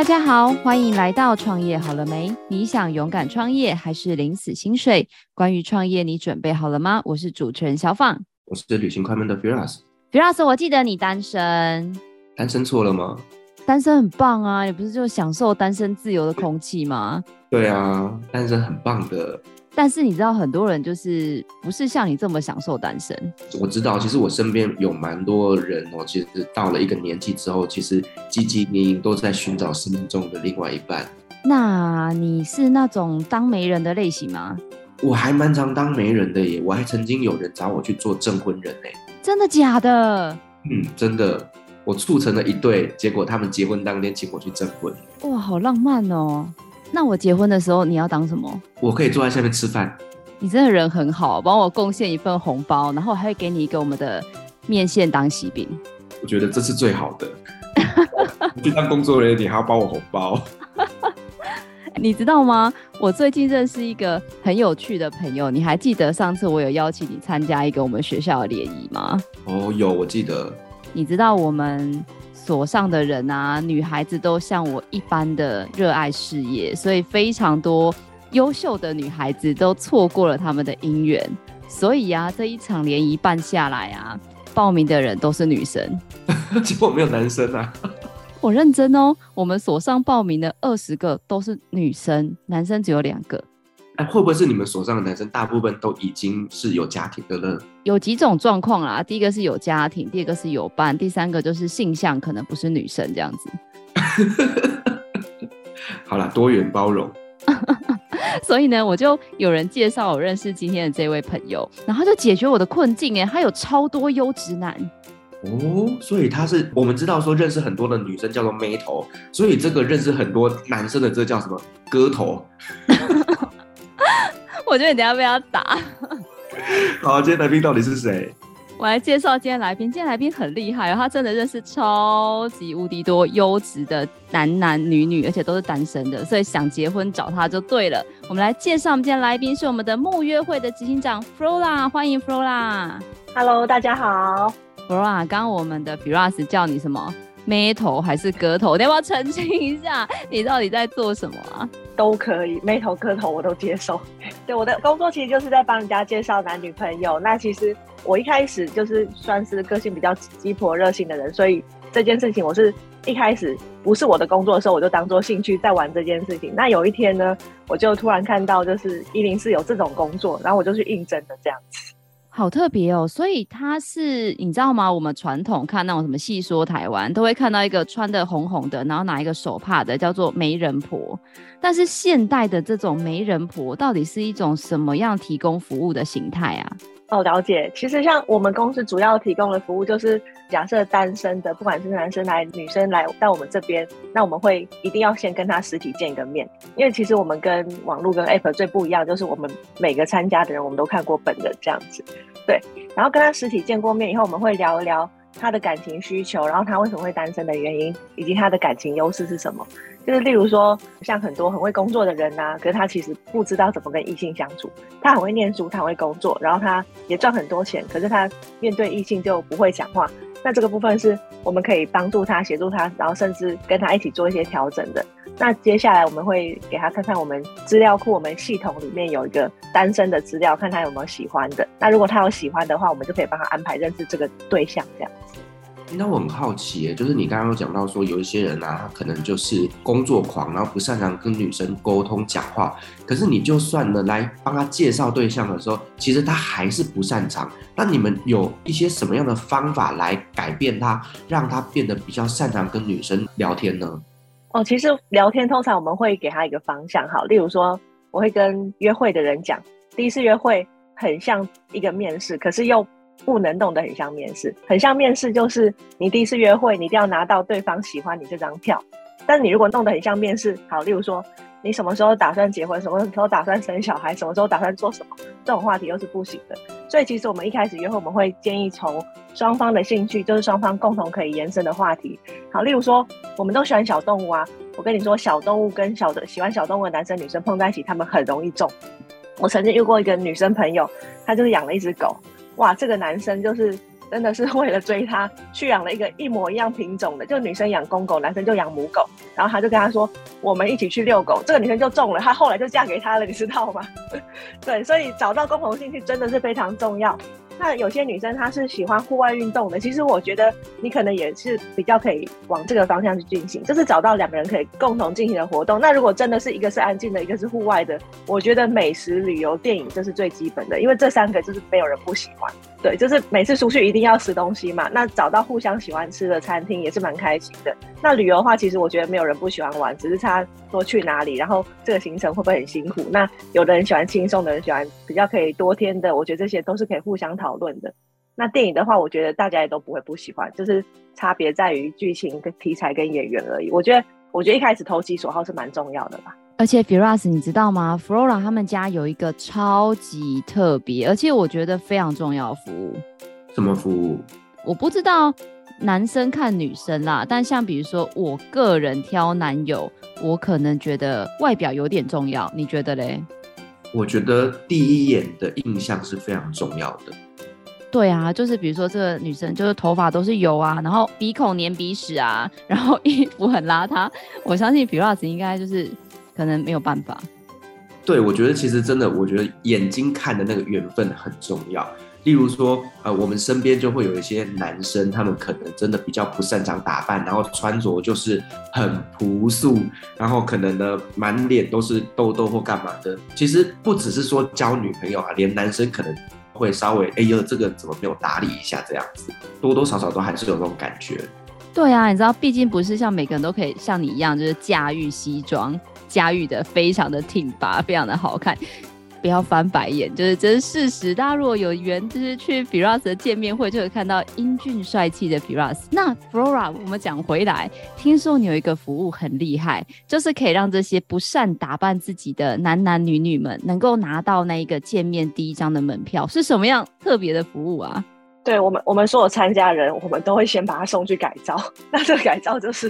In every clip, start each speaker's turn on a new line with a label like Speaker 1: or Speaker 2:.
Speaker 1: 大家好，歡迎來到創業好了沒？你想勇敢創業還是領死薪水？關於創業，你準備好了嗎？我是主持人小放。
Speaker 2: 我是旅行快門的 Firas。
Speaker 1: Firas，我記得你單身。
Speaker 2: 單身錯了嗎？
Speaker 1: 單身很棒啊，你不是就享受單身自由的空氣嗎？
Speaker 2: 對啊，單身很棒的。
Speaker 1: 但是你知道，很多人就是不是像你這麼享受單身。
Speaker 2: 我知道，其實我身邊有蠻多人哦。其實到了一個年紀之後，其實汲汲營營都在尋找生命中的另外一半。
Speaker 1: 那你是那種當媒人的類型嗎？
Speaker 2: 我還蠻常當媒人的耶。我還曾經有人找我去做證婚人呢。
Speaker 1: 真的假的？
Speaker 2: 嗯，真的。我促成了一對，結果他們結婚當天請我去證婚。
Speaker 1: 哇，好浪漫哦。那我結婚的時候，你要當什麼？
Speaker 2: 我可以坐在下面吃飯。
Speaker 1: 你真的人很好，幫我貢獻一份紅包，然後還會給你一個我們的麵線當喜餅。
Speaker 2: 我覺得這是最好的。去、 哦、當工作人員，你還要包我紅包。
Speaker 1: 你知道嗎？我最近認識一個很有趣的朋友，你還記得上次我有邀請你參加一個我們學校的聯誼嗎？
Speaker 2: 哦，有，我記得。
Speaker 1: 你知道我們所上的人啊，女孩子都像我一般的熱愛事業，所以非常多優秀的女孩子都錯過了他們的姻緣。所以呀、啊，這一場聯誼辦下來啊，報名的人都是女生，
Speaker 2: 結果 沒有男生啊。
Speaker 1: 我認真哦，我們所上報名的二十個都是女生，男生只有兩個。
Speaker 2: 啊、會不會是你們手上的男生大部分都已經是有家庭的了？
Speaker 1: 有幾種狀況啦，第一個是有家庭，第二個是有伴，第三個就是性向可能不是女生這樣子。
Speaker 2: 好了，多元包容。
Speaker 1: 所以呢，我就有人介紹我認識今天的這位朋友，然後他就解決我的困境、欸。哎，他有超多優質男
Speaker 2: 哦，所以他是我們知道說，認識很多的女生叫做妹頭，所以這個認識很多男生的這叫什麼哥頭。
Speaker 1: 我覺得你等下被他打 ？
Speaker 2: 好，啊，今天來賓到底是誰？
Speaker 1: 我來介紹今天來賓。今天來賓很厲害，哦，他真的認識超級無敵多優質的男男女女，而且都是單身的，所以想結婚找他就對了。我們來介紹我們今天來賓是我們的慕約會的執行長 Flora，歡迎 Flora。Hello，大家好。Flora，剛剛我們的 Biras 叫你什麼？眉頭還是磕頭，你要不要澄清一下？你到底在做什麼啊？都
Speaker 3: 可以，眉頭磕頭我都接受。 對，我的工作其實就是在幫人家介紹男女朋友。那其實我一開始就是算是個性比較雞婆熱心的人，所以這件事情我是一開始不是我的工作的時候，我就當做興趣在玩這件事情。那有一天呢，我就突然看到就是一零四有這種工作，然後我就去應徵了，這樣子。
Speaker 1: 好特別哦，所以它是你知道嗎？我們傳統看那種什麼戲說台灣，都會看到一個穿的紅紅的，然後拿一個手帕的，叫做媒人婆。但是現代的這種媒人婆到底是一種什麼樣提供服務的形態啊？哦，
Speaker 3: 了解。其實像我們公司主要提供的服務，就是假設單身的，不管是男生來、女生來到我們這邊，那我們會一定要先跟他實體見一個面，因為其實我們跟網絡跟 App 最不一樣，就是我們每個參加的人，我們都看過本人的這樣子。對，然後跟他實體見過面以後，我們會聊一聊他的感情需求，然後他為什麼會單身的原因，以及他的感情優勢是什麼。就是例如說，像很多很會工作的人吶、啊，可是他其實不知道怎麼跟異性相處。他很會念書，他很會工作，然後他也賺很多錢，可是他面對異性就不會講話。那這個部分是我們可以幫助他、協助他，然後甚至跟他一起做一些調整的。那接下來我們會給他看看我們資料庫，我們系統裡面有一個單身的資料，看看他有沒有喜歡的。那如果他有喜歡的話，我們就可以幫他安排認識這個對象，這樣子。
Speaker 2: 那我很好奇耶，就是你剛剛有講到說有一些人啊，他可能就是工作狂，然後不擅長跟女生溝通講話。可是你就算呢來幫他介紹對象的時候，其實他還是不擅長。那你們有一些什麼樣的方法來改變他，讓他變得比較擅長跟女生聊天呢？
Speaker 3: 哦，其實聊天通常我們會給他一個方向，好，例如說我會跟約會的人講，第一次約會很像一個面試，可是又。不能弄得很像面試，很像面試就是你第一次約會，你一定要拿到對方喜歡你這張票。但是你如果弄得很像面試，好，例如說你什麼時候打算結婚，什麼時候打算生小孩，什麼時候打算做什麼，這種話題又是不行的。所以其實我們一開始約會，我們會建議從雙方的興趣，就是雙方共同可以延伸的話題。好，例如說我們都喜歡小動物啊，我跟你說，小動物跟小的喜歡小動物的男生女生碰在一起，他們很容易中。我曾經遇過一個女生朋友，她就是養了一隻狗。哇，這個男生就是真的是為了追她去養了一個一模一樣品種的，就女生養公狗，男生就養母狗，然後他就跟她說，我們一起去遛狗，這個女生就中了，她後來就嫁給他了，你知道嗎？ 對，所以找到共同興趣真的是非常重要。那有些女生她是喜歡戶外運動的，其實我覺得你可能也是比較可以往這個方向去進行，就是找到兩個人可以共同進行的活動。那如果真的是一個是安靜的，一個是戶外的，我覺得美食、旅遊、電影這是最基本的，因為這三個就是沒有人不喜歡。對，就是每次出去一定要吃東西嘛。那找到互相喜歡吃的餐廳也是蠻開心的。那旅遊的話，其實我覺得沒有人不喜歡玩，只是差說去哪裡，然後這個行程會不會很辛苦？那有的人喜歡輕鬆的，有人喜歡比較可以多天的，我覺得這些都是可以互相討。討論的。那電影的話，我覺得大家也都不會不喜歡，就是差別在於劇情跟題材跟演員而已。我覺得，我覺得一開始投其所好是蠻重要的吧。
Speaker 1: 而且，Firas，你知道嗎？Flora 他們家有一個超級特別，而且我覺得非常重要的服務。
Speaker 2: 什麼服務？
Speaker 1: 我不知道。男生看女生啦，但像比如說，我個人挑男友，我可能覺得外表有點重要。你覺得嘞？
Speaker 2: 我覺得第一眼的印象是非常重要的。
Speaker 1: 對啊，就是比如說這個女生就是頭髮都是油啊，然後鼻孔黏鼻屎啊，然後衣服很邋遢，我相信比 r o u 應該就是可能沒有辦法。
Speaker 2: 對，我覺得其實真的，我覺得眼睛看的那個緣分很重要。例如說，呃，我們身邊就會有一些男生，他們可能真的比較不擅長打扮，然後穿着就是很樸素，然後可能呢滿臉都是痘痘或幹嘛的。其實不只是說交女朋友啊，連男生可能，會稍微哎呦，欸、這個怎麼沒有打理一下？這樣子多多少少都還是有這種感覺。
Speaker 1: 對啊，你知道，畢竟不是像每個人都可以像你一樣，就是駕馭西裝，駕馭的非常的挺拔，非常的好看。不要翻白眼，就是這是事實。大家如果有緣，就是去 Biras 的見面會，就會看到英俊帥氣的 Biras。那 Flora，我們講回來，聽說你有一個服務很厲害，就是可以讓這些不善打扮自己的男男女女們，能夠拿到那一個見面第一張的門票，是什麼樣特別的服務啊？
Speaker 3: 對我們，我們所有參加的人，我們都會先把他送去改造。那這個改造就是，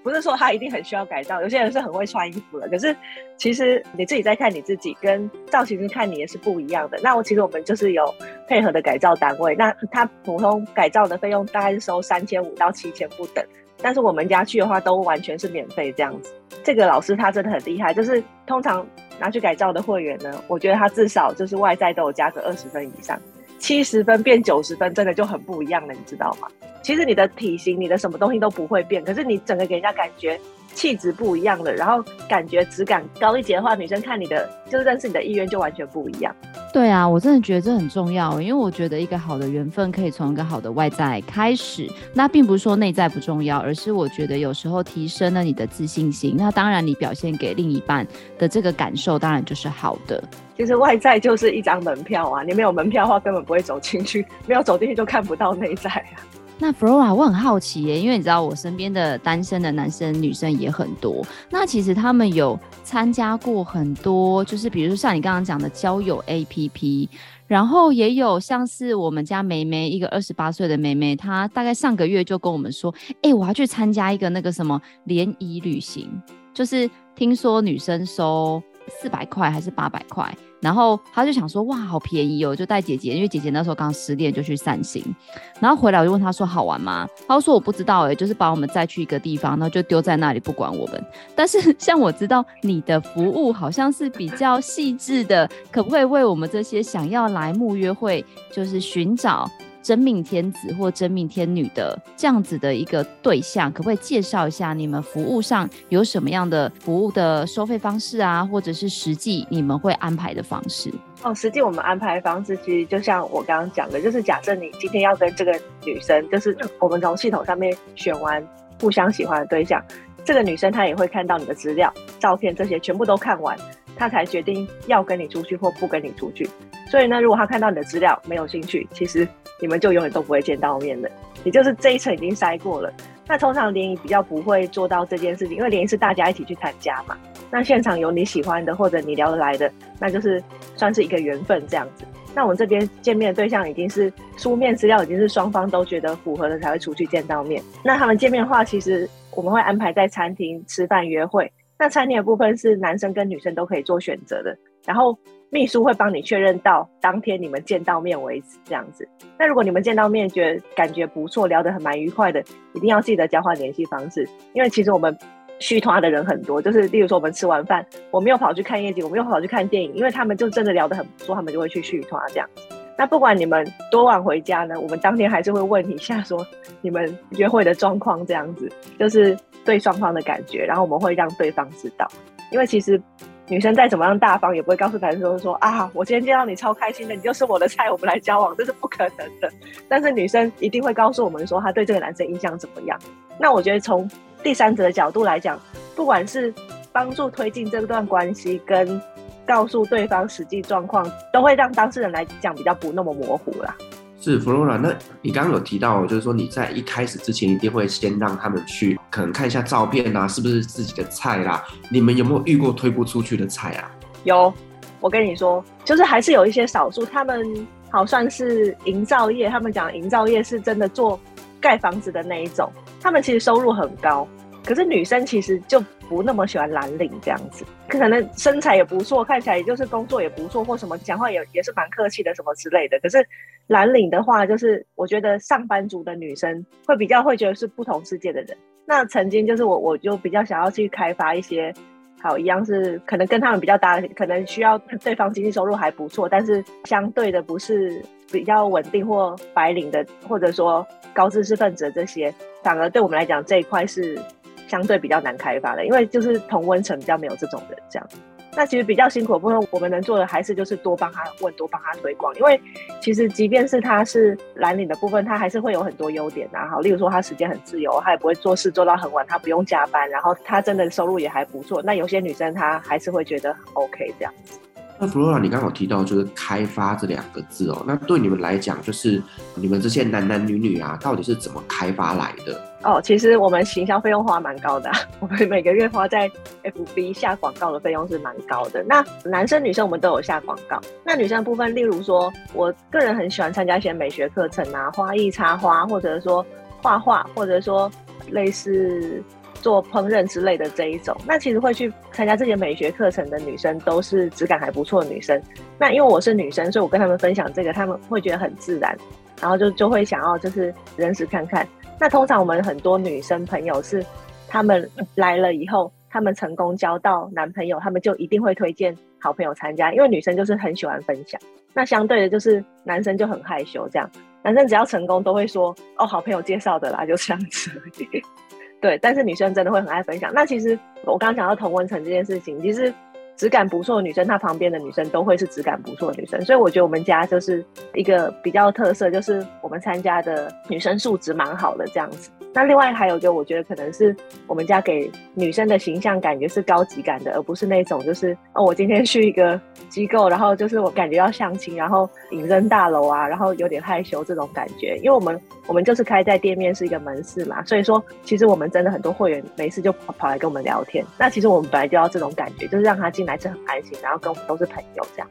Speaker 3: 不是說他一定很需要改造。有些人是很會穿衣服了。可是其實你自己在看你自己，跟造型師看你也是不一樣的。那我其實我們就是有配合的改造單位。那他普通改造的費用大概是收三千五到七千不等，但是我們家去的話都完全是免費這樣子。這個老師他真的很厲害，就是通常拿去改造的會員呢，我覺得他至少就是外在都有加個二十分以上。七十分變九十分，真的就很不一樣了，你知道嗎？其實你的體型、你的什麼東西都不會變，可是你整個給人家感覺，氣質不一樣了，然後感覺質感高一截的話，女生看你的就是認識你的意願就完全不一樣。
Speaker 1: 對啊，我真的覺得這很重要，因為我覺得一個好的緣分可以從一個好的外在開始。那並不是說內在不重要，而是我覺得有時候提升了你的自信心，那當然你表現給另一半的這個感受當然就是好的。
Speaker 3: 其實外在就是一張門票啊，你沒有門票的話根本不會走進去，沒有走進去就看不到內在啊。
Speaker 1: 那 Flora，我很好奇耶，欸，因為你知道我身邊的單身的男生女生也很多。那其實他們有參加過很多，就是比如說像你剛剛講的交友 APP，然後也有像是我們家妹妹，一個二十八歲的妹妹，她大概上個月就跟我們說，哎，欸，我要去參加一個那個什麼聯誼旅行，就是聽說女生收四百塊還是八百塊。然後他就想說，哇，好便宜哦，就帶姐姐，因為姐姐那時候剛失戀，就去散心。然後回來我就問他說好玩嗎？他說我不知道、欸，哎，就是把我們再去一個地方，然後就丟在那裡不管我們。但是像我知道你的服務好像是比較細緻的，可不可以為我們這些想要來慕約會，就是尋找？真命天子或真命天女的這樣子的一個對象，可不可以介紹一下你們服務上有什麼樣的服務的收費方式啊，或者是實際你們會安排的方式？
Speaker 3: 哦，實際我們安排的方式其實就像我剛剛講的，就是假設你今天要跟這個女生，就是我們從系統上面選完互相喜歡的對象，這個女生她也會看到你的資料、照片這些，全部都看完，她才決定要跟你出去或不跟你出去。所以呢，如果她看到你的資料沒有興趣，其實，你們就永遠都不會見到面了，也就是這一層已經篩過了。那通常聯誼比較不會做到這件事情，因為聯誼是大家一起去參加嘛。那現場有你喜歡的或者你聊得來的，那就是算是一個緣分這樣子。那我們這邊見面的對象已經是書面資料已經是雙方都覺得符合了才會出去見到面。那他們見面的話，其實我們會安排在餐廳吃飯約會。那餐廳的部分是男生跟女生都可以做選擇的，然後。秘書會幫你確認到當天你們見到面為止，這樣子。那如果你們見到面覺得感覺不錯，聊得很蠻愉快的，一定要記得交換聯繫方式。因為其實我們續攤的人很多，就是例如說我們吃完飯，我們又跑去看夜景，我們又跑去看電影，因為他們就真的聊得很不錯，他們就會去續攤這樣子。那不管你們多晚回家呢，我們當天還是會問一下說，說你們約會的狀況這樣子，就是對雙方的感覺，然後我們會讓對方知道，因為其實。女生再怎麼樣大方，也不會告訴男生說：“說啊，我今天見到你超開心的，你就是我的菜，我們來交往，這是不可能的。”但是女生一定會告訴我們說，她對這個男生印象怎麼樣。那我覺得從第三者的角度來講，不管是幫助推進這段關係，跟告訴對方實際狀況，都會讓當事人來講比較不那麼模
Speaker 2: 糊啦。是 Flora，那你剛剛有提到，就是說你在一開始之前一定會先讓他們去，可能看一下照片啊，是不是自己的菜啦、啊？你們有沒有遇過推不出去的菜啊？
Speaker 3: 有，我跟你說，就是還是有一些少數，他們好像是營造業，他們講營造業是真的做蓋房子的那一種，他們其實收入很高，可是女生其實就。不那麼喜歡藍領這樣子，可能身材也不錯，看起來也就是工作也不錯，或什麼講話也也是蠻客氣的什麼之類的。可是藍領的話，就是我覺得上班族的女生會比較會覺得是不同世界的人。那曾經就是我，我就比較想要去開發一些好，好一樣是可能跟他們比較搭，可能需要對方經濟收入還不錯，但是相對的不是比較穩定或白領的，或者說高知識分子這些，反而對我們來講這一塊是。相對比較難開發的，因為就是同溫層比較沒有這種的。這樣。那其實比較辛苦的部分，我們能做的還是就是多幫他問，多幫他推廣。因為其實即便是他是藍領的部分，他還是會有很多優點的、啊、哈。例如說他時間很自由，他也不會做事做到很晚，他不用加班，然後他真的收入也還不錯。那有些女生她還是會覺得 OK 這樣子。
Speaker 2: 那 Flora，、啊、你剛剛提到就是“開發”這兩個字哦，那對你們來講，就是你們這些男男女女啊，到底是怎麼開發來的？
Speaker 3: 哦，其實我們行銷費用花蠻高的、啊，我們每個月花在 FB 下廣告的費用是蠻高的。那男生女生我們都有下廣告。那女生的部分，例如說我個人很喜歡參加一些美學課程啊，花藝插花，或者說畫畫，或者說類似。做烹飪之類的這一種，那其實會去參加這些美學課程的女生，都是質感還不錯的女生。那因為我是女生，所以我跟他們分享這個，他們會覺得很自然，然後就就會想要就是認識看看。那通常我們很多女生朋友是，他們來了以後，他們成功交到男朋友，他們就一定會推薦好朋友參加，因為女生就是很喜歡分享。那相對的，就是男生就很害羞，這樣男生只要成功，都會說哦，好朋友介紹的啦，就這樣子。 對，但是女生真的會很愛分享。那其實我剛剛講到同溫層這件事情，其實質感不錯的女生，她旁邊的女生都會是質感不錯的女生。所以我覺得我們家就是一個比較特色，就是我們參加的女生素質蠻好的這樣子。那另外還有一個，我覺得可能是我們家給女生的形象感覺是高級感的，而不是那種就是哦，我今天去一個機構，然後就是我感覺要相親，然後隱身大樓啊，然後有點害羞這種感覺。因為我們我們就是開在店面是一個門市嘛，所以說其實我們真的很多會員沒事就跑跑來跟我們聊天。那其實我們本來就要這種感覺，就是讓他進來是很安心，然後跟我們都是朋友這樣。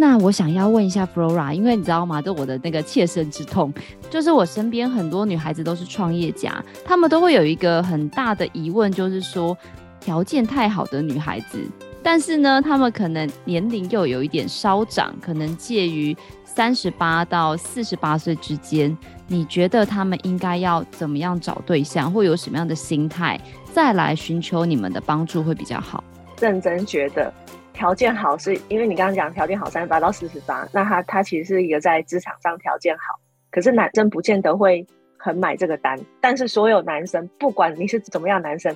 Speaker 1: 那我想要問一下 Flora，因為你知道嗎？這我的那個切身之痛，就是我身邊很多女孩子都是創業家，她們都會有一個很大的疑問，就是說，條件太好的女孩子，但是呢，她們可能年齡又有一點稍長，可能介於三十八到四十八歲之間。你覺得她們應該要怎麼樣找對象，或有什麼樣的心態，再來尋求你們的幫助會比較好？
Speaker 3: 認真覺得。條件好是因為你剛剛講條件好三十八到四十八，那他他其實是一個在職場上條件好，可是男生不見得會很買這個單。但是所有男生不管你是怎麼樣男生，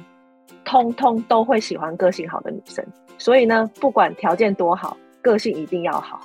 Speaker 3: 通通都會喜歡個性好的女生。所以呢，不管條件多好，個性一定要好。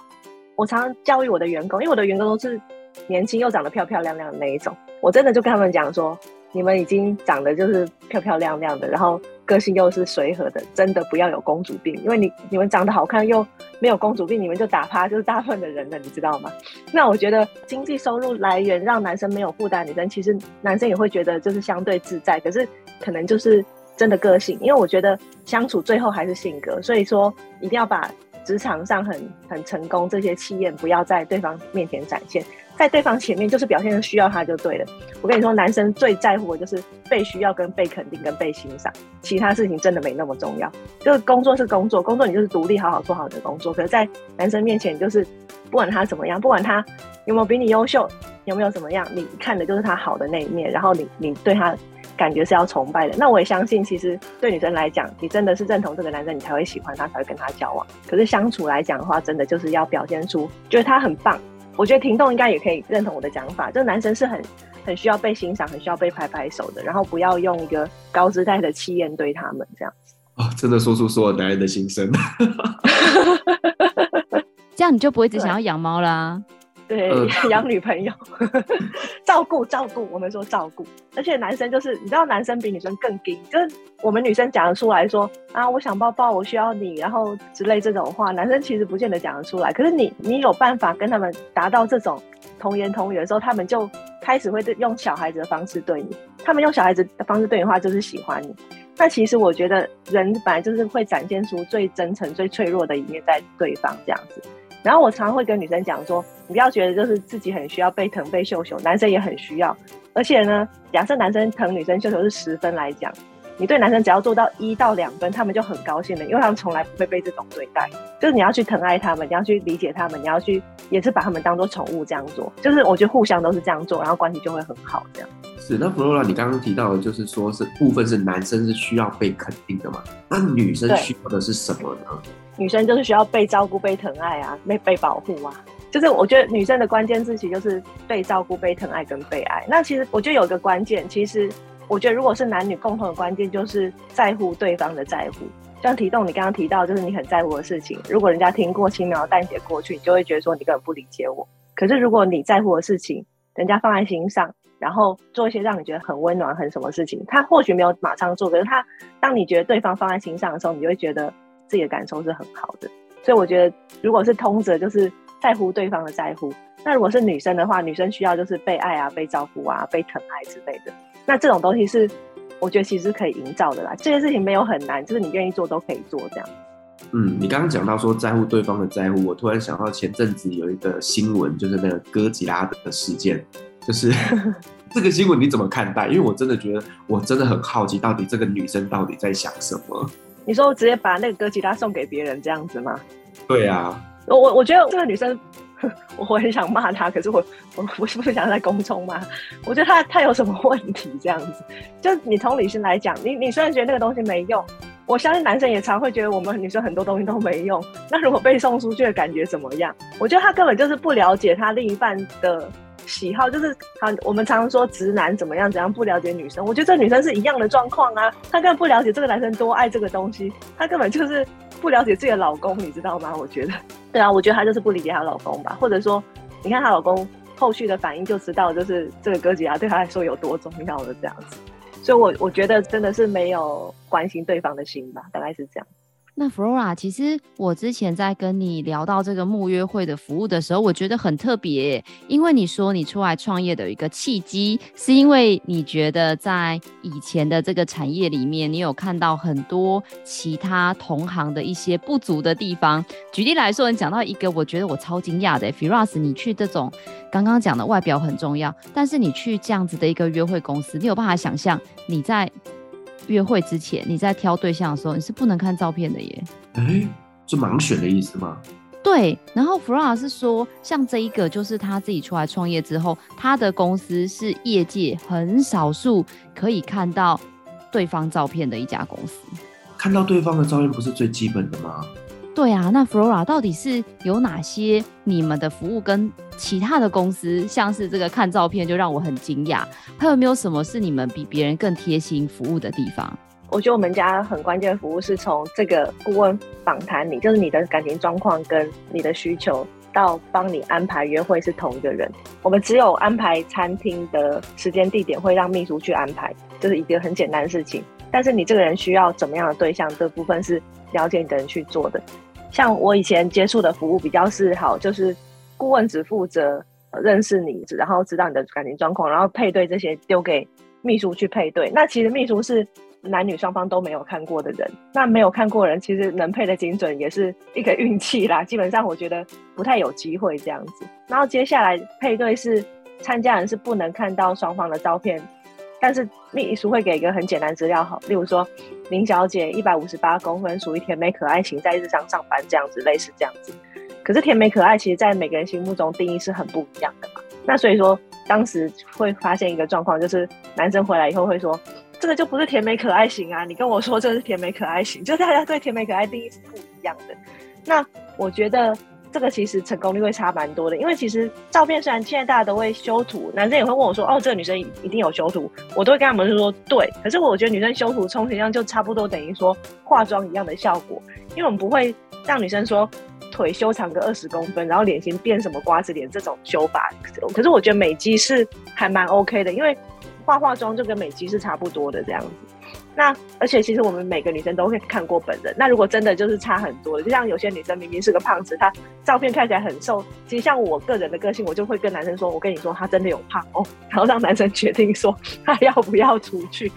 Speaker 3: 我常常教育我的員工，因為我的員工都是年輕又長得漂漂亮亮的那一種，我真的就跟他們講說。你們已經長得就是漂漂亮亮的，然後個性又是隨和的，真的不要有公主病，因為你你們長得好看又沒有公主病，你們就打趴就是大部分的人了，你知道嗎？那我覺得經濟收入來源讓男生沒有負擔，女生其實男生也會覺得就是相對自在，可是可能就是真的個性，因為我覺得相處最後還是性格，所以說一定要把職場上很很成功這些氣焰不要在對方面前展現，在對方前面就是表現的需要他就對了。我跟你說，男生最在乎的就是被需要、跟被肯定、跟被欣賞，其他事情真的沒那麼重要。就是工作是工作，工作你就是獨立，好好做好你的工作。可是，在男生面前，就是不管他怎麼樣，不管他有沒有比你優秀，有沒有怎麼樣，你看的就是他好的那一面。然後你你對他感覺是要崇拜的。那我也相信，其實對女生來講，你真的是認同這個男生，你才會喜歡他，才會跟他交往。可是相處來講的話，真的就是要表現出，覺得他很棒。我覺得婷棟應該也可以認同我的講法，這個男生是很很需要被欣賞、很需要被拍拍手的，然後不要用一個高姿態的氣焰對他們這樣
Speaker 2: 子。哦，真的說出所有男人的心聲，
Speaker 1: 這樣你就不會只想要養貓啦。
Speaker 3: 對，養女朋友， 照顧照顧，我們說照顧。而且男生就是，你知道，男生比女生更就是我們女生講得出來說啊，我想抱抱，我需要你，然後之類這種話，男生其實不見得講得出來。可是你，你有辦法跟他們達到這種童言童語的時候，他們就開始會對用小孩子的方式對你。他們用小孩子的方式對你的話，就是喜歡你。那其實我覺得，人本來就是會展現出最真誠、最脆弱的一面在對方這樣子。然後我常常會跟女生講說，你不要覺得就是自己很需要被疼被秀秀，男生也很需要。而且呢，假設男生疼女生秀秀是十分來講，你對男生只要做到一到兩分，他們就很高興了，因為他們從來不會被這種對待。就是你要去疼愛他們，你要去理解他們，你要去也是把他們當做寵物這樣做。就是我覺得互相都是這樣做，然後關係就會很好這樣。
Speaker 2: 是。那 Flora，你剛剛提到的就是說是部分是男生是需要被肯定的嘛？那女生需要的是什麼呢？
Speaker 3: 女生就是需要被照顧、被疼愛啊，被被保護啊。就是我覺得女生的關鍵字其實就是被照顧、被疼愛跟被愛。那其實我覺得有一個關鍵，其實我覺得如果是男女共同的關鍵，就是在乎對方的在乎。像體動，你剛剛提到，剛剛提到就是你很在乎的事情，如果人家聽過輕描淡寫過去，你就會覺得說你根本不理解我。可是如果你在乎的事情，人家放在心上，然後做一些讓你覺得很溫暖很什麼事情，他或許沒有馬上做，可是他當你覺得對方放在心上的時候，你就會覺得。自己的感受是很好的，所以我覺得，如果是通則，就是在乎對方的在乎。那如果是女生的話，女生需要就是被愛啊、被照顧啊、被疼愛、啊、之類的。那這種東西是，我覺得其實可以營造的啦。這件事情沒有很難，就是你願意做都可以做這樣。
Speaker 2: 嗯，你剛剛講到說在乎對方的在乎，我突然想到前陣子有一個新聞，就是那個哥吉拉的事件，就是 這個新聞你怎麼看待？因為我真的覺得，我真的很好奇，到底這個女生到底在想什麼。
Speaker 3: 你說我直接把那個歌吉他送給別人這樣子嗎？
Speaker 2: 對呀、啊，
Speaker 3: 我我覺得這個女生，我很想罵她，可是我我不是我不是想在公眾嗎？我覺得她她有什麼問題這樣子？就你從理性來講，你你雖然覺得那個東西沒用，我相信男生也常會覺得我們女生很多東西都沒用。那如果被送出去的感覺怎麼樣？我覺得他根本就是不了解他另一半的。喜好就是好，我們常常說直男怎麼樣怎樣不了解女生，我覺得這女生是一樣的狀況啊，她根本不了解這個男生多愛這個東西，她根本就是不了解自己的老公，你知道嗎？我覺得，對啊，我覺得她就是不理解她老公吧，或者說，你看她老公後續的反應就知道，就是這個哥吉啊對她來說有多重要了，這樣子，所以我，我我覺得真的是沒有關心對方的心吧，大概是這樣。
Speaker 1: 那 Flora，其實我之前在跟你聊到這個慕約會的服務的時候，我覺得很特別，欸，因為你說你出來創業的一個契機，是因為你覺得在以前的這個產業裡面，你有看到很多其他同行的一些不足的地方。舉例來說，你講到一個我覺得我超驚訝的、欸、，Flora，你去這種剛剛講的外表很重要，但是你去這樣子的一個約會公司，你有辦法想象你在，約會之前，你在挑對象的時候，你是不能看照片的耶。
Speaker 2: 哎、欸，這是盲選的意思嗎？
Speaker 1: 對。然後 Flora 是說，像這一個，就是他自己出來創業之後，他的公司是業界很少數可以看到對方照片的一家公司。
Speaker 2: 看到對方的照片不是最基本的嗎？
Speaker 1: 對啊，那 Flora 到底是有哪些你們的服務，跟其他的公司，像是這個看照片就讓我很驚訝。還有沒有什麼是你們比別人更貼心服務的地方？
Speaker 3: 我覺得我們家很關鍵的服務是從這個顧問訪談你，就是你的感情狀況跟你的需求，到幫你安排約會是同一個人。我們只有安排餐廳的時間地點會讓秘書去安排，就是一個很簡單的事情。但是你這個人需要怎麼樣的對象，這個部分是了解你的人去做的。像我以前接觸的服務比較是好，就是顧問只負責認識你，然後知道你的感情狀況，然後配對這些丟給秘書去配對。那其實秘書是男女雙方都沒有看過的人，那沒有看過人，其實能配得精準也是一個運氣啦。基本上我覺得不太有機會這樣子。然後接下來配對是參加人是不能看到雙方的照片。但是秘書會給一個很簡單資料，哈，例如說林小姐一百五十八公分，屬於甜美可愛型，在日商上班這樣子，類似這樣子。可是甜美可愛，其實，在每個人心目中定義是很不一樣的嘛。那所以說，當時會發現一個狀況，就是男生回來以後會說，這個就不是甜美可愛型啊，你跟我說這是甜美可愛型，就大家對甜美可愛定義是不一樣的。那我覺得。這個其實成功率會差蠻多的，因為其實照片雖然現在大家都會修圖，男生也會問我說，哦，這個女生一定有修圖，我都會跟他們說對。可是我覺得女生修圖充其量就差不多等於說化妝一樣的效果，因為我們不會讓女生說腿修長個二十公分，然後臉型變什麼瓜子臉這種修法。可是我覺得美肌是還蠻 OK 的，因為化化妝就跟美肌是差不多的這樣子。那而且其實我們每個女生都會看過本人。那如果真的就是差很多，就像有些女生明明是個胖子，她照片看起來很瘦。其實像我個人的個性，我就會跟男生說：“我跟你說，她真的有胖哦。”然後讓男生決定說他要不要出去，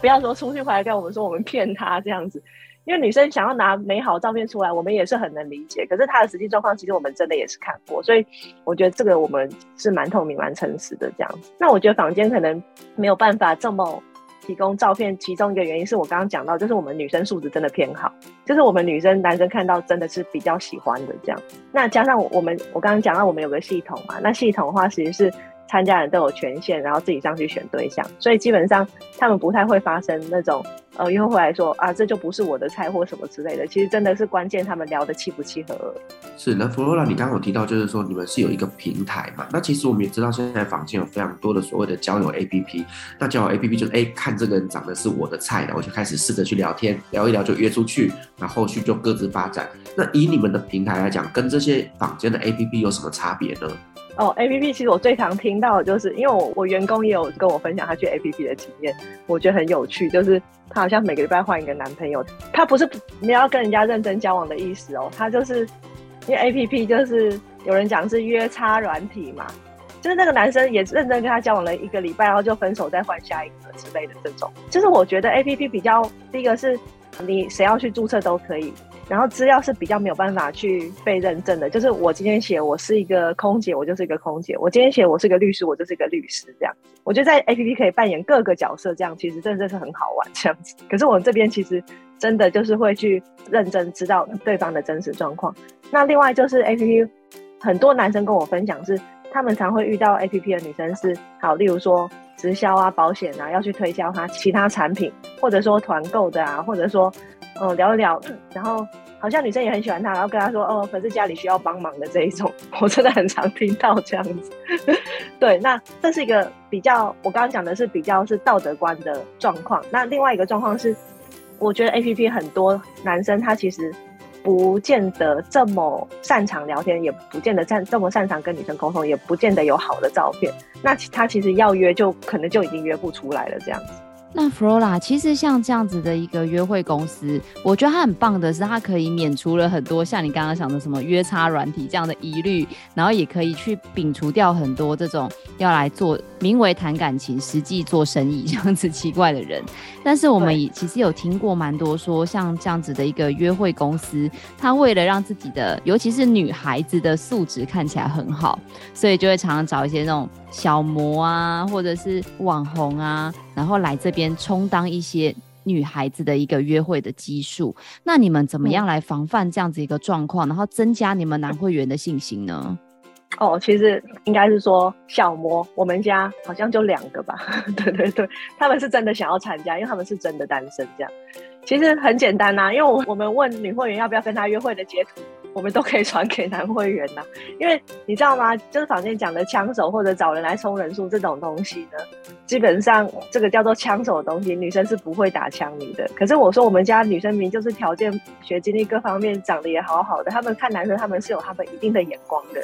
Speaker 3: 不要說出去回來跟我們說我們騙他這樣子。因為女生想要拿美好照片出來，我們也是很能理解。可是她的實際狀況，其實我們真的也是看過，所以我覺得這個我們是蠻透明、蠻誠實的這樣子。那我覺得坊間可能沒有辦法這麼。提供照片，其中一個原因是我剛剛講到，就是我們女生素質真的偏好，就是我們女生男生看到真的是比較喜歡的這樣。那加上我們，我剛剛講到我們有個系統嘛，那系統的話其實是。參加人都有權限，然後自己上去選對象，所以基本上他們不太會發生那種呃，約會來說啊，這就不是我的菜或什麼之類的。其實真的是關鍵，他們聊的契不契合。
Speaker 2: 是那 Flora，你剛剛有提到就是說你們是有一個平台嘛？那其實我們也知道現在坊間有非常多的所謂的交友 APP，那交友 APP 就是哎、欸，看這個人長得是我的菜，然後我就開始試着去聊天，聊一聊就約出去，然後後續就各自發展。那以你們的平台來講，跟這些坊間的 APP 有什麼差別呢？
Speaker 3: 哦，A P P 其實我最常聽到的就是，因為我我員工也有跟我分享他去 A P P 的經驗，我覺得很有趣，就是他好像每個禮拜換一個男朋友，他不是你要跟人家認真交往的意思哦，他就是因為 A P P 就是有人講是約叉軟體嘛，就是那個男生也認真跟他交往了一個禮拜，然後就分手再換下一個之類的這種，就是我覺得 A P P 比較第一個是，你誰要去注冊都可以。然後資料是比較沒有辦法去被認證的，就是我今天寫我是一個空姐，我就是一個空姐；我今天寫我是一個律師，我就是一個律師。這樣，我覺得在 APP 可以扮演各個角色，這樣其實真的是很好玩。這樣子，可是我們這邊其實真的就是會去認真知道對方的真實狀況。那另外就是 APP，很多男生跟我分享是，他們常會遇到 APP 的女生是，好，例如說直銷啊、保險啊，要去推銷他其他產品，或者說團購的啊，或者說。哦、嗯，聊一聊，然後好像女生也很喜歡他，然後跟他說，哦，可是家裡需要幫忙的這一種，我真的很常聽到這樣子。 對，那這是一個比較，我剛剛講的是比較是道德觀的狀況。那另外一個狀況是，我覺得 APP 很多男生他其實不見得這麼擅長聊天，也不見得擅這麼擅長跟女生溝通，也不見得有好的照片。那他其實要約就可能就已經約不出來了這樣子。
Speaker 1: 那 Flora 其實，像這樣子的一個約會公司，我覺得它很棒的是，它可以免除了很多像你剛剛想的什麼約差、軟體這樣的疑慮，然後也可以去摒除掉很多這種要來做名為談感情、實際做生意這樣子奇怪的人。但是我們也其實有聽過蠻多說，像這樣子的一個約會公司，它為了讓自己的尤其是女孩子的素質看起來很好，所以就會常常找一些那種。小模啊，或者是網紅啊，然後來這邊充當一些女孩子的一個約會的基數，那你們怎麼樣來防範這樣子一個狀況，然後增加你們男會員的信心呢？嗯、哦，其實應該是說
Speaker 3: 小模，我們家好像就兩個吧， 對對對，他們是真的想要參加，因為他們是真的單身，這樣其實很簡單吶、啊，因為我我們問女會員要不要跟他約會的截圖。我們都可以傳給男會員吶，因為你知道嗎？就是坊間講的槍手或者找人來充人數這種東西呢，基本上這個叫做槍手的東西，女生是不會打槍你的。可是我說我們家女生明明就是條件、學經歷各方面長得也好好的，她們看男生她們是有她們一定的眼光的，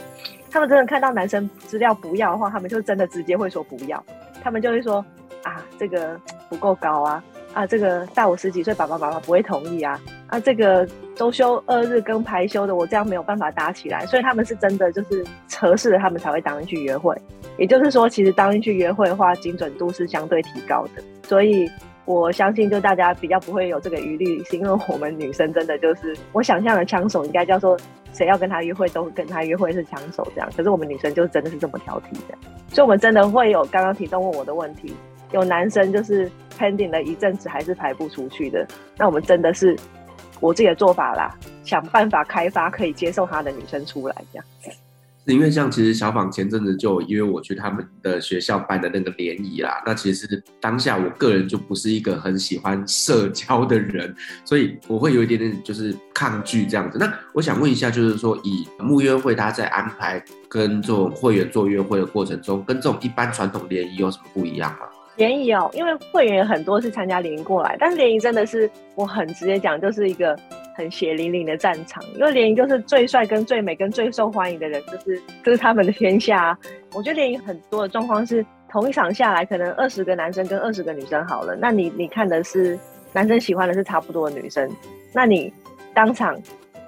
Speaker 3: 她們真的看到男生資料不要的話，她們就真的直接會說不要，她們就會說啊，這個不夠高啊。啊，這個大我十幾歲，爸爸媽媽不會同意啊。啊，這個周休二日跟排休的，我這樣沒有辦法搭起來。所以他們是真的就是測試了，他們才會答應去約會。也就是說，其實當天去約會的話，精準度是相對提高的。所以我相信，就大家比較不會有這個疑慮，是因為我們女生真的就是我想象的搶手，應該叫做誰要跟他約會都跟他約會是搶手，這樣。可是我們女生就真的是這麼挑剔的，所以我們真的會有剛剛聽眾問我的問題。有男生就是 pending 了一陣子還是排不出去的，那我們真的是我自己的做法啦，想辦法開發可以接受他的女生出來這樣子。
Speaker 2: 是因為像其實小訪前陣子就約我去他們的學校辦的那個聯誼啦，那其實當下我個人就不是一個很喜歡社交的人，所以我會有一點點就是抗拒這樣子。那我想問一下，就是說以慕約會他在安排跟這種會員做約會的過程中，跟這種一般傳統聯誼有什麼不一樣嗎？
Speaker 3: 聯誼哦，因為會員很多是參加聯誼過來，但是聯誼真的是，我很直接講，就是一個很血淋淋的戰場。因為聯誼就是最帥、跟最美、跟最受歡迎的人，就是就是他們的天下啊。我覺得聯誼很多的狀況是，同一場下來，可能二十個男生跟二十個女生好了，那你你看的是男生喜歡的是差不多的女生，那你當場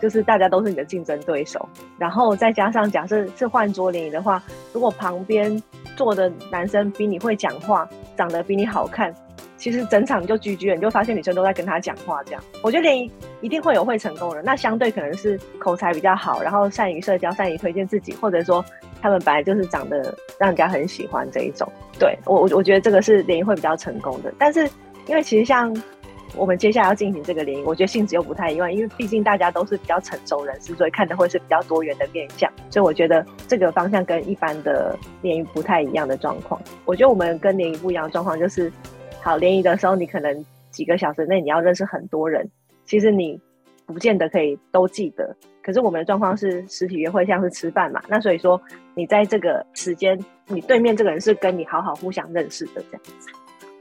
Speaker 3: 就是大家都是你的競爭對手。然後再加上假設是換桌聯誼的話，如果旁邊做的男生比你會講話，長得比你好看，其實整場就局局了，你就發現女生都在跟他講話這樣。我覺得聯誼一定會有會成功的，那相對可能是口才比較好，然後善於社交、善於推薦自己，或者說他們本來就是長得讓人家很喜歡這一種。對我，我我覺得這個是聯誼會比較成功的，但是因為其實像。我們接下來要進行這個聯誼，我覺得性質又不太一樣，因為畢竟大家都是比較成熟人士，所以看的會是比較多元的面向。所以我覺得這個方向跟一般的聯誼不太一樣的狀況。我覺得我們跟聯誼不一樣的狀況就是，好，聯誼的時候，你可能幾個小時內你要認識很多人，其實你不見得可以都記得。可是我們的狀況是實體約會，像是吃飯嘛，那所以說你在這個時間，你對面這個人是跟你好好互相認識的這樣子。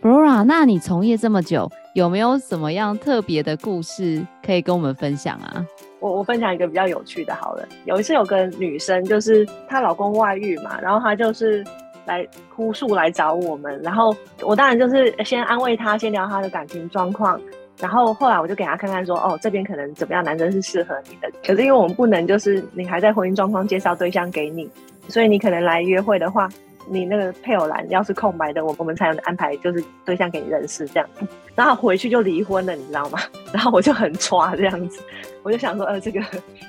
Speaker 1: Flora 那你從業這麼久，有沒有什麼樣特別的故事可以跟我們分享啊？
Speaker 3: 我，我分享一個比較有趣的，好了，有一次有個女生就是她老公外遇嘛，然後她就是來哭訴來找我們，然後我當然就是先安慰她，先聊她的感情狀況，然後後來我就給她看看說，哦，這邊可能怎麼樣，男生是適合你的，可是因為我們不能就是你還在婚姻狀況介紹對象給你，所以你可能來約會的話。你那個配偶欄要是空白的，我我們才能安排就是對象給你認識這樣。然後回去就離婚了，你知道嗎？然後我就很抓這樣子，我就想說，呃、欸，這個，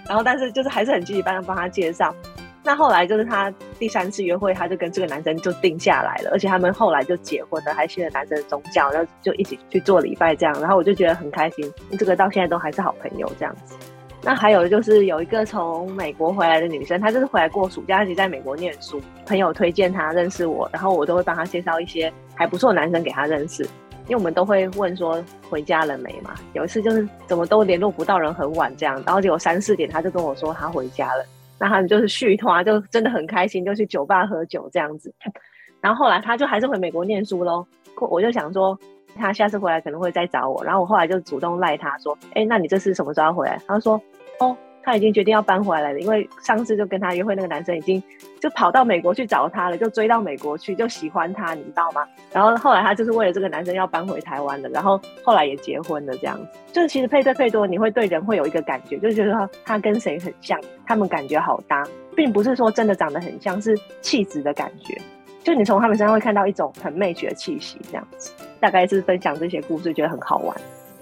Speaker 3: 然後但是就是還是很積極般的幫他介紹。那後來就是他第三次約會，他就跟這個男生就定下來了，而且他們後來就結婚了，還信了男生的宗教，然後就一起去做禮拜這樣。然後我就覺得很開心，這個到現在都還是好朋友這樣子。那還有就是有一個從美國回來的女生，她就是回來過暑假，一直在美國念書。朋友推薦她認識我，然後我都會幫她介紹一些還不錯的男生給她認識。因為我們都會問說回家了沒嘛？有一次就是怎麼都聯絡不到人，很晚這樣，然後結果三四點她就跟我說她回家了。那他們就是續攤，就真的很開心，就去酒吧喝酒這樣子。 然後後來她就還是回美國念書嘍。我就想說她下次回來可能會再找我，然後我後來就主動賴她說，哎、欸，那你這次什麼時候要回來？她說。哦，他已經決定要搬回來了，因為上次就跟他約會那個男生已經就跑到美國去找他了，就追到美國去，就喜歡他，你知道嗎？然後後來他就是為了這個男生要搬回台灣了，然後後來也結婚了，這樣子。就是其實配對配多，你會對人會有一個感覺，就覺得他跟誰很像，他們感覺好搭，並不是說真的長得很像，是氣質的感覺。就你從他們身上會看到一種很 match 的氣息，這樣子。大概是分享這些故事，覺得很好玩。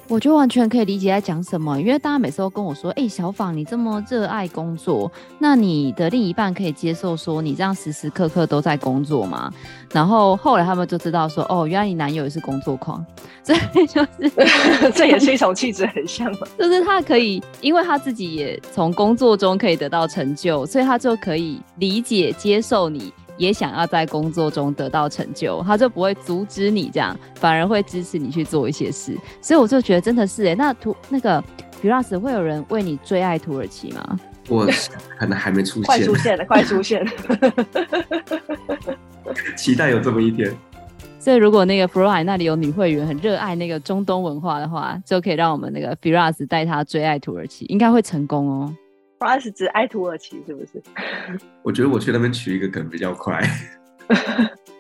Speaker 1: 我就完全可以理解在講什麼，因為大家每次都跟我說：“誒、欸，小芳，你這麼熱愛工作，那你的另一半可以接受說你這樣時時刻刻都在工作嗎？”然後後來他們就知道說：“哦，原來你男友也是工作狂，所以就是， 這也是一種氣質很像嘛，就是他可以，因為他自己也從工作中可以得到成就，所以他就可以理解接受你。”也想要在工作中得到成就，他就不會阻止你這樣，反而會支持你去做一些事。所以我就覺得真的是哎、欸，那圖那個 Firas 會有人為你追愛土耳其嗎？我
Speaker 2: 可能還沒出現，快出現了，快出現了， 期待有這麼一天。
Speaker 1: 所以如果那個 Flora 那裡有女會員很熱愛那個中東文化的話，就可以讓我們那個 Firas 帶她追愛土耳其，應該會成功哦、喔。
Speaker 3: Flora 只愛土耳其，是不是？
Speaker 2: 我覺得我去那邊取一個梗比較快。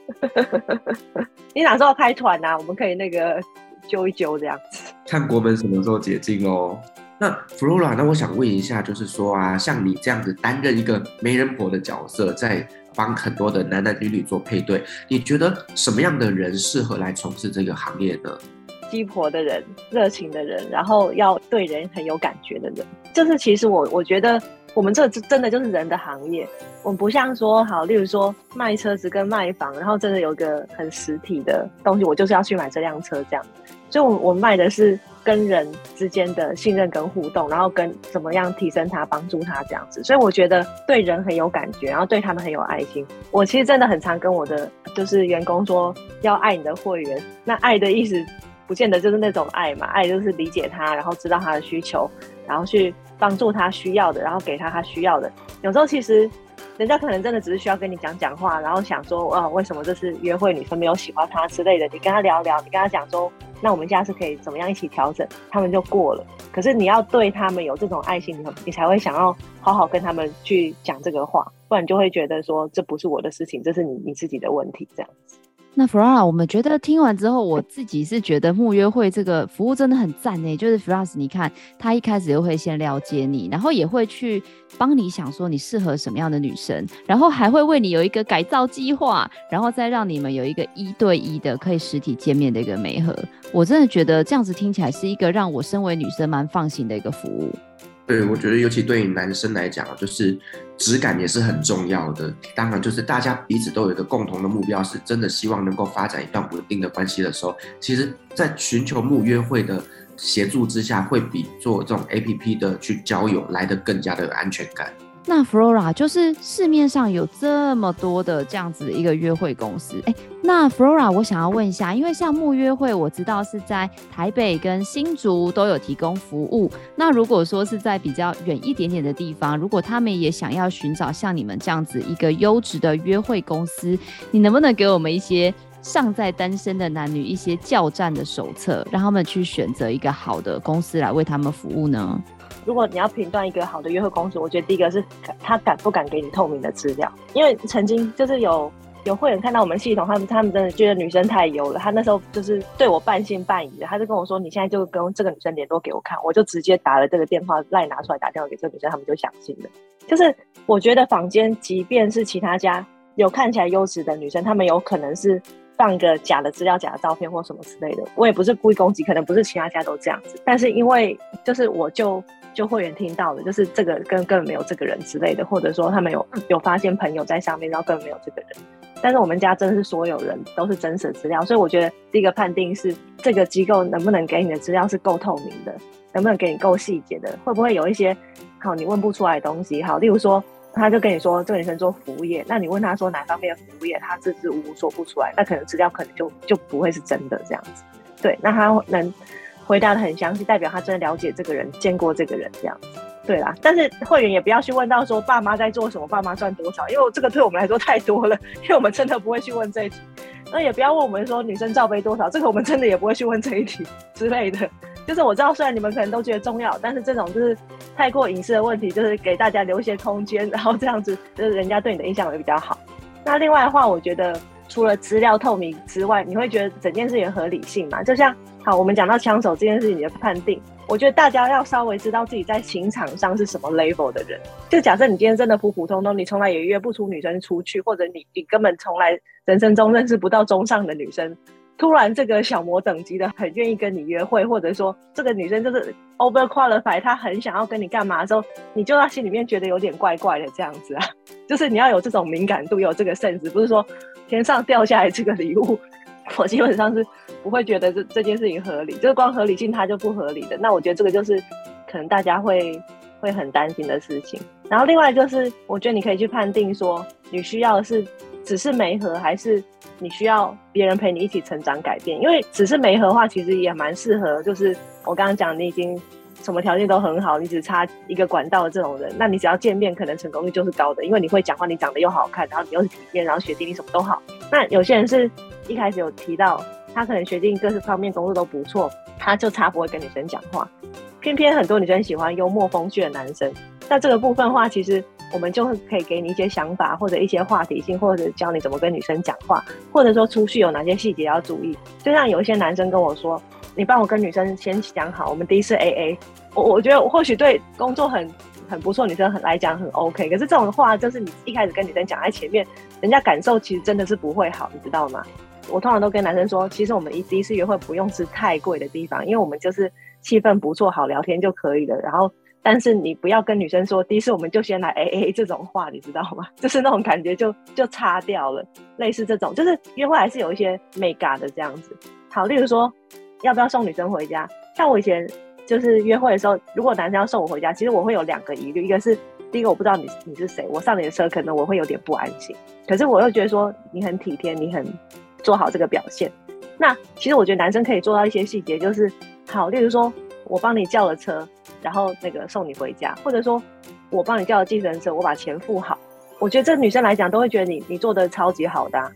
Speaker 3: 你哪時候開團啊？我們可以那個揪一揪這樣
Speaker 2: 子。看國門什麼時候解禁哦？那 Flora，那我想問一下，就是說啊，像你這樣子擔任一個媒人婆的角色，在幫很多的男男女女做配對，你覺得什麼樣的人適合來從事這個行業呢？
Speaker 3: 雞婆的人、熱情的人，然後要對人很有感覺的人，就是其實我我覺得我們這真的就是人的行業，我們不像說好，例如說賣車子跟賣房，然後真的有個很實體的東西，我就是要去買這輛車這樣。所以我，我我賣的是跟人之間的信任跟互動，然後跟怎麼樣提升他、幫助他這樣子。所以，我覺得對人很有感覺，然後對他們很有愛心。我其實真的很常跟我的就是員工說，要愛你的會員，那愛的意思。不見得就是那種愛嘛，愛就是理解他，然後知道他的需求，然後去幫助他需要的，然後給他他需要的。有時候其實人家可能真的只是需要跟你講講話，然後想說，啊、哦，為什麼這次約會女生沒有喜歡他之類的，你跟他聊聊，你跟他講說，那我們下次可以怎麼樣一起調整，他們就過了。可是你要對他們有這種愛心，你你才會想要好好跟他們去講這個話，不然你就會覺得說這不是我的事情，這是你你自己的問題這樣。
Speaker 1: 那 Flora 我們覺得聽完之後，我自己是覺得慕約會這個服務真的很贊誒、欸。就是 Flora，你看他一開始又會先了解你，然後也會去幫你想說你適合什麼樣的女生，然後還會為你有一個改造計劃，然後再讓你們有一個一對一的可以實體見面的一個媒合。我真的覺得這樣子聽起來是一個讓我身為女生蠻放心的一個服務。
Speaker 2: 對，我覺得尤其對於男生來講，就是質感也是很重要的。當然，就是大家彼此都有一個共同的目標，是真的希望能夠發展一段穩定的關係的時候，其實在尋求慕約會的協助之下，會比做這種 APP 的去交友來得更加的有安全感。
Speaker 1: 那 Flora 就是市面上有這麼多的這樣子一個約會公司，哎，那 Flora 我想要問一下，因為像慕約會我知道是在台北跟新竹都有提供服務，那如果說是在比較遠一點點的地方，如果他們也想要尋找像你們這樣子一個優質的約會公司，你能不能給我們一些尚在單身的男女一些教戰的手冊，讓他們去選擇一個好的公司來為他們服務呢？
Speaker 3: 如果你要評斷一個好的約會公司，我覺得第一個是她敢不敢給你透明的資料，因為曾經就是有有會員看到我們系統，他們他們真的覺得女生太油了，他那時候就是對我半信半疑的，他就跟我說，你現在就跟這個女生聯絡給我看，我就直接打了這個電話，LINE 拿出來打電話給這個女生，他們就相信了。就是我覺得坊間，即便是其他家有看起來優質的女生，他們有可能是。放個假的資料、假的照片或什麼之類的，我也不是故意攻擊，可能不是其他家都這樣子。但是因為就是我就就會員聽到了，就是這個跟根本沒有這個人之類的，或者說他們有有發現朋友在上面，然後根本沒有這個人。但是我們家真的是所有人都是真實資料，所以我覺得第一個判定是這個機構能不能給你的資料是夠透明的，能不能給你夠細節的，會不會有一些好你問不出來的東西？好，例如說。他就跟你說，這個女生做服務業，那你問他說哪方面的服務業，他支支吾吾說不出來，那可能資料可能就就不會是真的這樣子。對，那他能回答得很詳細，代表他真的了解這個人，見過這個人這樣子，對啦。但是會員也不要去問到說爸媽在做什麼，爸媽賺多少，因為這個對我們來說太多了，因為我們真的不會去問這一題。那也不要問我們說女生罩杯多少，這個我們真的也不會去問這一題之類的。就是我知道，雖然你們可能都覺得重要，但是這種就是太過隱私的問題，就是給大家留一些空間，然後這樣子，就是人家對你的印象會比較好。那另外的話，我覺得除了資料透明之外，你會覺得整件事情合理性嘛。就像好，我們講到槍手這件事情的判定，我覺得大家要稍微知道自己在情場上是什麼 level 的人。就假設你今天真的普普通通，你從來也約不出女生出去，或者你你根本從來人生中認識不到中上的女生。突然，這個小模等級的很願意跟你約會，或者說這個女生就是 over qualify，她很想要跟你幹嘛之後，你就在心裡面覺得有點怪怪的這樣子啊，就是你要有這種敏感度，有這個甚至不是說天上掉下來這個禮物，我基本上是不會覺得這這件事情合理，就是光合理性它就不合理的。那我覺得這個就是可能大家會會很擔心的事情。然後另外就是，我覺得你可以去判定說，你需要的是。只是媒合，還是你需要別人陪你一起成長改變？因為只是媒合的話，其實也蠻適合，就是我剛剛講，你已經什麼條件都很好，你只差一個管道的這種人，那你只要見面，可能成功率就是高的。因為你會講話，你長得又好看，然後你又是體面，然後學歷你什麼都好。那有些人是一開始有提到，他可能學歷、各式方面工作都不錯，他就差不會跟女生講話。偏偏很多女生喜歡幽默風趣的男生。那這個部分的話，其實我們就會可以給你一些想法，或者一些話題性，或者教你怎麼跟女生講話，或者說出去有哪些細節要注意。就像有一些男生跟我說：“你幫我跟女生先講好，我們第一次 AA。”我我覺得或許對工作很很不錯，女生很來講很 OK，可是這種話就是你一開始跟女生講在前面，人家感受其實真的是不會好，你知道嗎？我通常都跟男生說，其實我們一第一次約會不用吃太貴的地方，因為我們就是氣氛不錯、好聊天就可以了。然後。但是你不要跟女生說第一次我們就先來 A A、欸欸、這種話，你知道嗎？就是那種感覺就就差掉了，類似這種，就是約會還是有一些美感的這樣子。好，例如說要不要送女生回家？像我以前就是約會的時候，如果男生要送我回家，其實我會有兩個疑慮，一個是第一個我不知道你你是誰，我上你的車可能我會有點不安心。可是我又覺得說你很體貼，你很做好這個表現。那其實我覺得男生可以做到一些細節，就是好，例如說。我幫你叫了車，然後那個送你回家，或者說，我幫你叫了計程車，我把錢付好，我覺得這女生來講都會覺得你你做得超級好的啊。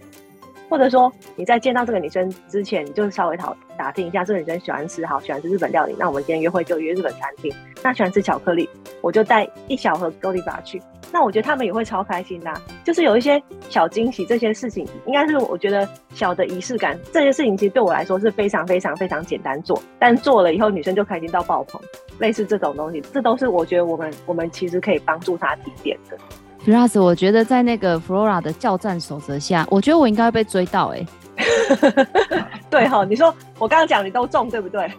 Speaker 3: 或者說你在見到這個女生之前，你就稍微討打聽一下，這個女生喜歡吃好，好喜歡吃日本料理，那我們今天約會就約日本餐廳。那喜歡吃巧克力，我就帶一小盒 GODIVA 去。那我覺得他們也會超開心的、啊。就是有一些小驚喜，這些事情應該是我覺得小的儀式感，這些事情其實對我來說是非常非常非常簡單做，但做了以後女生就開心到爆棚。類似這種東西，這都是我覺得我們我們其實可以幫助她提點的。
Speaker 1: Plus，我覺得在那個 Flora 的教戰守則下，我覺得我應該會被追到哎、欸。
Speaker 3: 對哈、哦，你說我剛剛講你都中，對不對？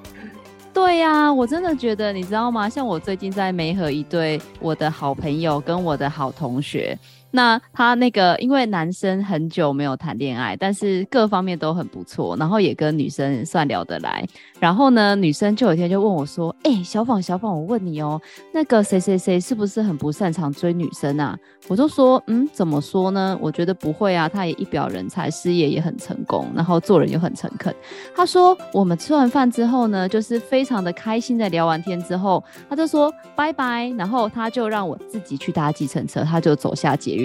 Speaker 1: 對呀、啊，我真的覺得你知道嗎？像我最近在媒合一對我的好朋友跟我的好同學。那他那個，因為男生很久沒有談戀愛，但是各方面都很不錯，然後也跟女生算聊得來。然後呢，女生就有一天就問我說：“哎、欸，小寶小寶，我問你哦，那個誰誰誰是不是很不擅長追女生啊？”我就說：“嗯，怎麼說呢？我覺得不會啊，他也一表人才，事業也很成功，然後做人又很誠懇。”他說：“我們吃完飯之後呢，就是非常的開心的聊完天之後，他就說拜拜，然後他就讓我自己去搭計程車，他就走下街。”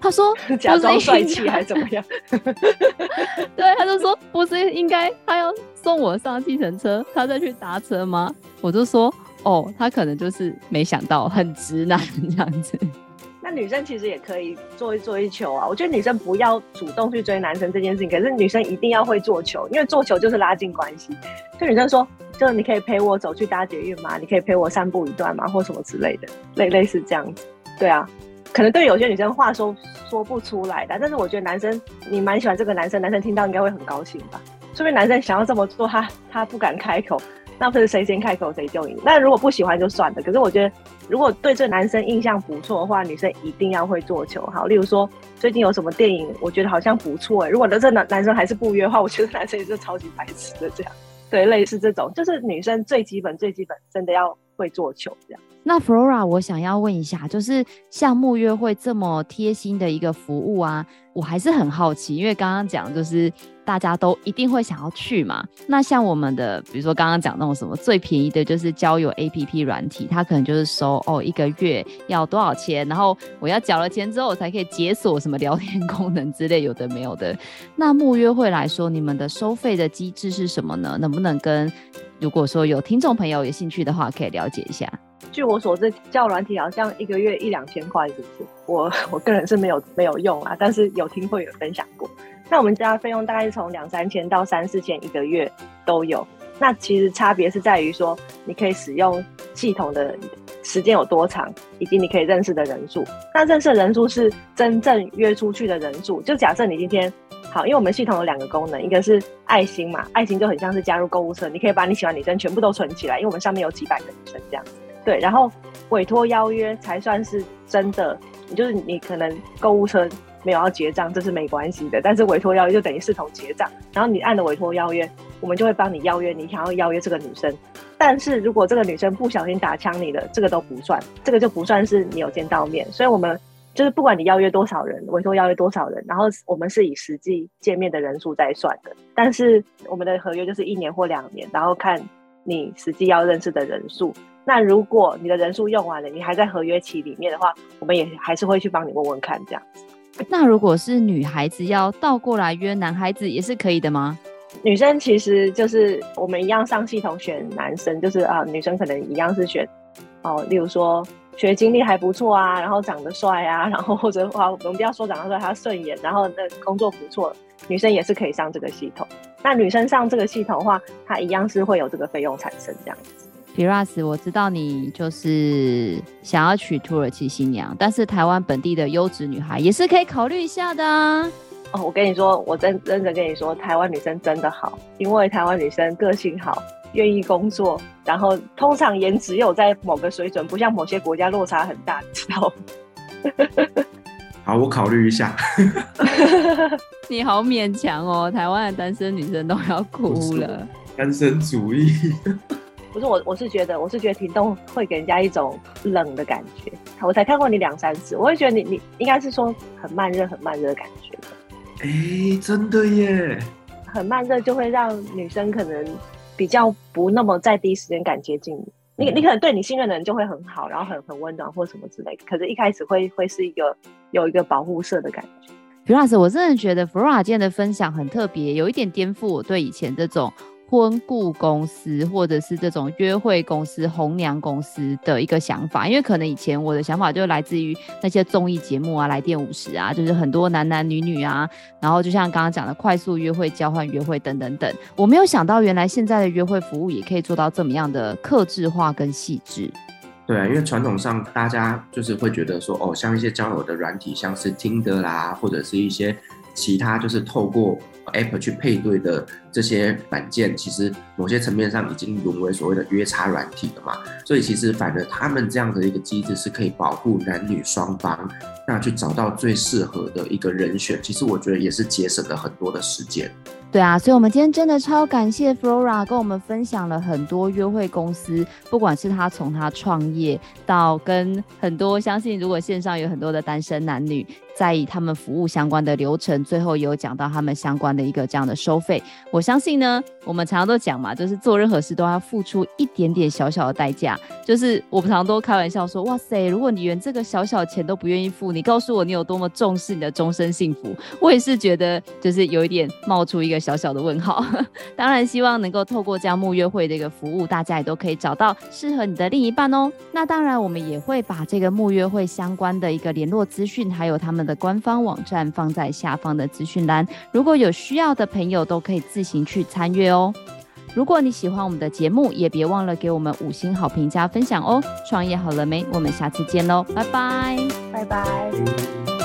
Speaker 1: 他說，假裝帥氣還怎麼樣？ 對，他就說，不是應該他要送我上計程車，他再去搭車嗎？我就說，哦，他可能就是沒想到，很直男這樣子。
Speaker 3: 那女生其實也可以做一做一球啊。我覺得女生不要主動去追男生這件事情，可是女生一定要會做球，因為做球就是拉近關係。就女生說，就是你可以陪我走去搭捷運嗎？你可以陪我散步一段嗎？或什麼之類的，類類似這樣子。對啊。可能對有些女生話說說不出來的，但是我覺得男生，你蠻喜歡這個男生，男生聽到應該會很高興吧。說明男生想要這麼做，他他不敢開口，那不是誰先開口誰就贏？那如果不喜歡就算了。可是我覺得，如果對這男生印象不錯的話，女生一定要會做球。好，例如說最近有什麼電影，我覺得好像不錯，欸。如果那這男男生還是不約的話，我覺得男生也是超級白痴的這樣。對，類似這種，就是女生最基本最基本，真的要會做球這樣。
Speaker 1: 那 Flora，我想要問一下，就是像慕約會這麼貼心的一個服務啊，我還是很好奇，因為剛剛講就是大家都一定會想要去嘛。那像我們的，比如說剛剛講那種什麼最便宜的，就是交友 APP 軟體，它可能就是收哦一個月要多少錢，然後我要繳了錢之後，我才可以解鎖什麼聊天功能之類，有的沒有的。那慕約會來說，你們的收費的機制是什麼呢？能不能跟？如果說有聽眾朋友有興趣的話，可以了解一下。
Speaker 3: 據我所知，教軟體好像一個月一兩千塊，是不是？我我個人是沒有沒有用啊，但是有聽會員分享過。那我們家費用大概是從兩三千到三四千一個月都有。那其實差別是在於說，你可以使用系統的。時間有多長，以及你可以認識的人數。那認識的人數是真正約出去的人數。就假設你今天好，因為我們系統有兩個功能，一個是愛心嘛，愛心就很像是加入購物車，你可以把你喜歡女生全部都存起來，因為我們上面有幾百個女生這樣。對，然後委託邀約才算是真的，就是你可能購物車沒有要結賬，這是沒關係的，但是委託邀約就等於是從結賬，然後你按的委託邀約。我們就會幫你邀約，你想要邀約這個女生。但是如果這個女生不小心打槍你的，這個都不算，這個就不算是你有見到面。所以我們就是不管你邀約多少人，委託邀約多少人，然後我們是以實際見面的人數在算的。但是我們的合約就是一年或兩年，然後看你實際要認識的人數。那如果你的人數用完了，你還在合約期裡面的話，我們也還是會去幫你問問看這樣
Speaker 1: 子。那如果是女孩子要倒過來約男孩子，也是可以的嗎？女生其實就是我們一樣上系
Speaker 3: 統選男生，就是啊、呃，女生可能一樣是選哦、呃，例如說學經歷還不錯啊，然後長得帥啊，然後或者話我們不要說長得帥，他順眼，然後那工作不錯，女生也是可以上這個系統。那女生上這個系統的話，她一樣是會有這個費用產生這樣子。
Speaker 1: 皮拉斯，我知道你就是想要娶土耳其新娘，但是台灣本地的優質女孩也是可以考慮一下的。啊。哦，我跟你
Speaker 3: 說，我真真的跟你說，台灣女生真的好，因為台灣女生個性好，願意工作，然後通常顏值又在某個水準，不像某些國家落差很大，你知道
Speaker 2: 嗎？ 好，我考慮一下。
Speaker 1: 你好勉強哦，台灣的單身女生都要哭了。
Speaker 2: 單身主義。
Speaker 1: 不是我，我是覺得，我是覺得停動會給人家一種冷的感覺。
Speaker 3: 我才看過你兩三次，我會覺得你，你應該是說很慢熱，很慢熱的感覺。
Speaker 2: 哎、欸，真的耶！
Speaker 3: 很慢熱就會讓女生可能比較不那麼在第一時間敢接近你，你。你、嗯、你可能對你信任的人就會很好，然後很很溫暖或什麼之類。可是一開始會會是一個有一個保護色的感
Speaker 1: 覺。比如說，我真的覺得 Flora 姐的分享很特別，有一點顛覆我對以前這種。婚顧公司或者是這種約會公司、紅娘公司的一個想法，因為可能以前我的想法就來自於那些綜藝節目啊、來電五十啊，就是很多男男女女啊，然後就像剛剛講的快速約會、交換約會等等等，我沒有想到原來現在的約會服務也可以做到這麼樣的客製化跟細緻。
Speaker 2: 對啊，因為傳統上大家就是會覺得說，哦，像一些交友的軟體，像是 Tinder 啦，或者是一些其他，就是透過。App 去配對的這些軟件，其實某些層面上已經淪為所謂的約差軟體了嘛。所以其實反而他們這樣的一個機制是可以保護男女雙方，那去找到最適合的一個人選。其實我覺得也是節省了很多的時間。
Speaker 1: 對啊，所以我們今天真的超感謝 Flora 跟我們分享了很多約會公司，不管是他從他創業到跟很多相信，如果線上有很多的單身男女在意他們服務相關的流程，最後也有講到他們相關的一個這樣的收費。我相信呢，我們常常都講嘛，就是做任何事都要付出一點點小小的代價。就是我們常常都開玩笑說，哇塞，如果你連這個小小錢都不願意付，你告訴我你有多麼重視你的終身幸福。我也是覺得就是有一點冒出一個小小的問號，當然希望能夠透過這樣慕約會的一個服務，大家也都可以找到適合你的另一半哦。那當然，我們也會把這個慕約會相關的一個聯絡資訊，還有他們的官方網站放在下方的資訊欄，如果有需要的朋友都可以自行去參閱哦。如果你喜歡我們的節目，也別忘了給我們五星好評加分享哦。創業好了沒？我們下次見嘍，拜拜，拜拜。